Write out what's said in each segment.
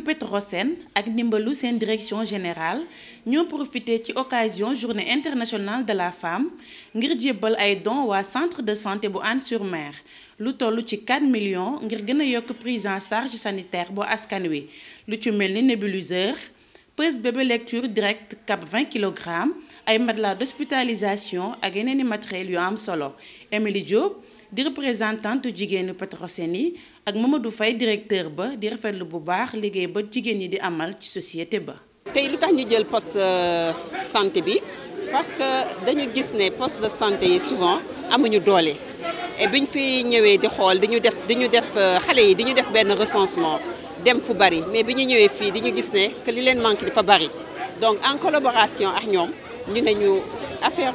Petrosen ak en direction générale ñoo profité de occasion journée internationale de la femme ngir jébbal ay dons au centre de santé bu anne sur Mer lu avons ci 4 millions ngir gën prise en charge sanitaire Bo askan wi lu ci nébuliseur bébé lecture direct cap 20 kg, ay matelas d'hospitalisation ak yeneen matériels yu am solo Émilie Diop di représentante jigéenu Petrosen yi ak Mamadou Faye directeur ba di rafetlu bu baax liggéey ba jigéen ñi di amal ci société ba. tey lu tax ñu jël poste euh, santé bi parce que dañu gis ne poste de santé yi souvent amuñu doole et biñ fi ñëwee di xool di def di def euh, xale yi di def benn recensement dem fu bari mais bi ñu ñëwee fii di gis ne que li leen manque dafa bari donc en collaboration ak ñoom ñu ne ñu affaire.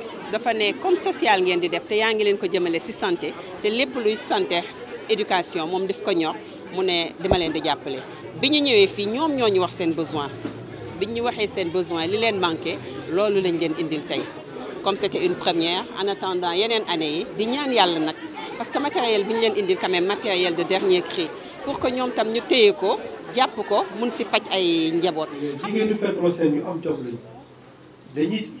dafa ne comme social ngeen di def te yaangi ngi leen ko jëmele ci santé te lepp luy santé éducation mom daf ko ñor mu ne dama leen di jàppale biñu ñëwé fi ñom ñoñu wax seen besoin biñu waxé seen besoin li leen manqué loolu lañ leen indil tay comme c'était une première en attendant yenen année yi di ñaan yalla nak parce que matériel biñu ñu leen indil quand même matériel de dernier cri pour que ñom tam ñu téye ko japp ko mun ci faj ay njaboot. jigéenu Petrosen ñu am jom lañu dañuy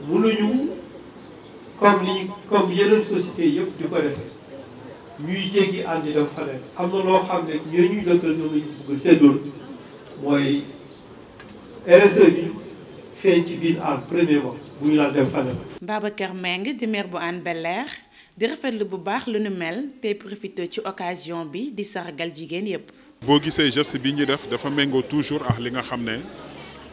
mënuñu comme li comme yeneen société yëpp di ko defee ñuy jéggi àndi dem faneen am na loo xam ne ñoo ñuy dëkkal noonu ñu bëgg seddool mooy RSE bi feeñ ci biir ànd premièrement bu ñu naan dem faneen Babacar Meng di maire bu Hann Bel-Air di rafetlu bu baax lu nu mel tey profité ci occasion bi di sargal jigéen yëpp boo gisee geste bi ñu def dafa méngoo toujours ak li nga xam ne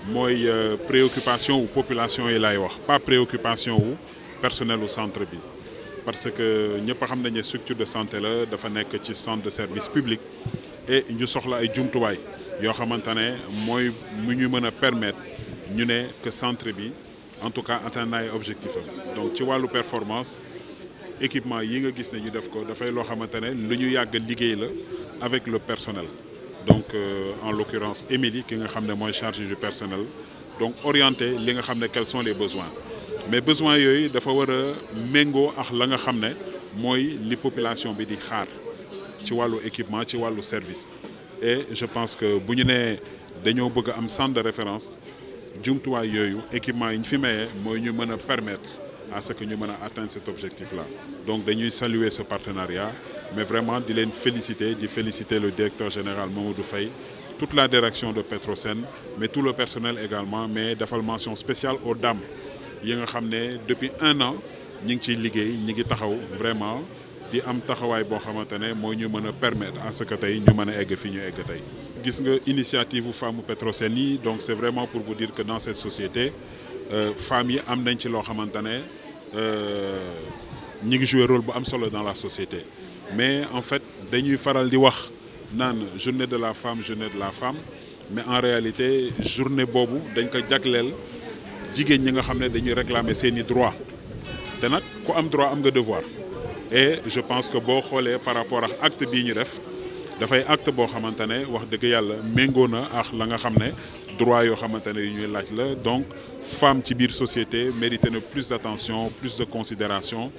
moi, euh, préoccupation ou population et pas préoccupation ou personnel au centre parce que nous xam une structure de santé nous dafa centre de service public et nous soxla ay permettre que centre en tout cas atteindre donc performance équipement yi gis ne def ko avec le personnel donc euh, en l'occurrence Émilie qui est chargée du personnel donc orienter li nga quels sont les besoins mais besoins yoy dafa wara mengo ak la nga xamné moy li population bi di xaar ci walu équipement service et je pense que si nous avons un bëgg centre de référence nous yooyu équipement fi mayé permettre à ce que ñu atteindre cet objectif là donc nous saluer ce partenariat mais vraiment de féliciter féliciter le directeur général Mamadou Faye toute la direction de Petrosen mais tout le personnel également mais une mention spéciale aux dames yi depuis un an nous qui liggéey vraiment di am ñu permettre à ce que tay ñu initiative femme Petrosen donc c'est vraiment pour vous dire que dans cette société euh, femmes yi am euh, rôle dans la société mais en fait dañuy faral di wax nan journée de la femme journée de la femme mais en réalité journée bobu dañ ko jagleel jigéen ñi nga xamné ne dañuy réclamer seeni droits. Té nak ku am droit am nga devoir et je pense que bo xolé par rapport à acte bi ñu def fay acte bo xamantane wax deug Yalla mengona ak la nga xamné ne droit yoo ñuy laaj la donc femme ci biir société mérite na plus d'attention plus de considération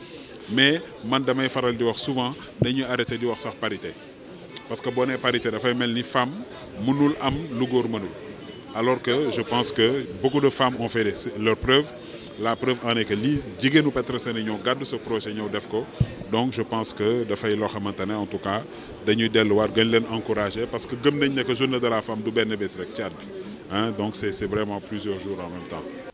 mais man damay faral di wax souvent dañuy arrêté di wax sax parité parce que boo parité da fay melni femme mënul am lu góor mënul alors que je pense que beaucoup de femmes ont fait leur preuve la preuve en est que lii jigéenu Petrosen yi ñoo gàddu projet ñëw def ko donc je pense que da fay lo ne en tout cas dañuy delluwaat gën leen encourager parce que gëm nañ ne que journée de la femme du benn bés rek ci hein donc c'est c'est vraiment plusieurs jours en même temps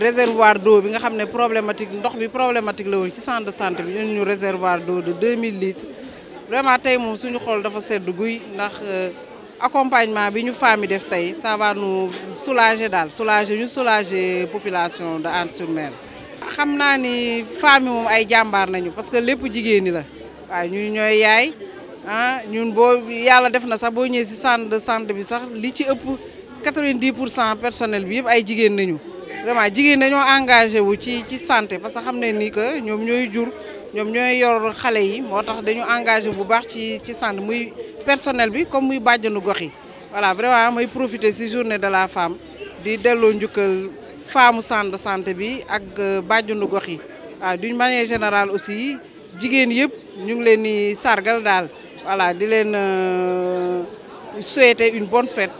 réservoir d'eau bi nga la centre de santé bi ñu réservoir d'eau de 2000 litres vraiment tay mom suñu xol dafa euh, accompagnement ça va nous soulager dans soulager population de sur Mer ni ay parce que nous familles la wa ñu yaay ah ñun def centre de santé bi 90 personnel bi ay vraiment jigen dañoo engagé wu ci ci santé parce que xamné ni que ñom ñoy jur ñom ñoy yor xalé yi motax dañu engagé bu baax ci ci santé muy personnel bi comme muy bàjjanu goxi voilà vraiment muy profiter ci journée de la femme di delo njukkal femme centre santé bi ak euh, bàjjanu goxi yi waaw d'une manière générale aussi jigen yëpp ñu ngi leen di sargal dal voilà di leen euh, souhaiter une bonne fête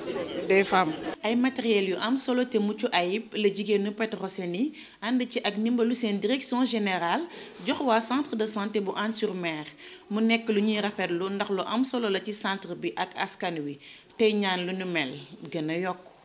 des femmes ay matériel yu am solo te mucc ayib la jigéenu Petrosen yi ànd ci ak ndimbalu seen direction générale jox centre de santé bu sur Mer mu nekk lu ñuy rafetlu ndax lu am solo la ci centre bi ak askan wi tey ñaan lu a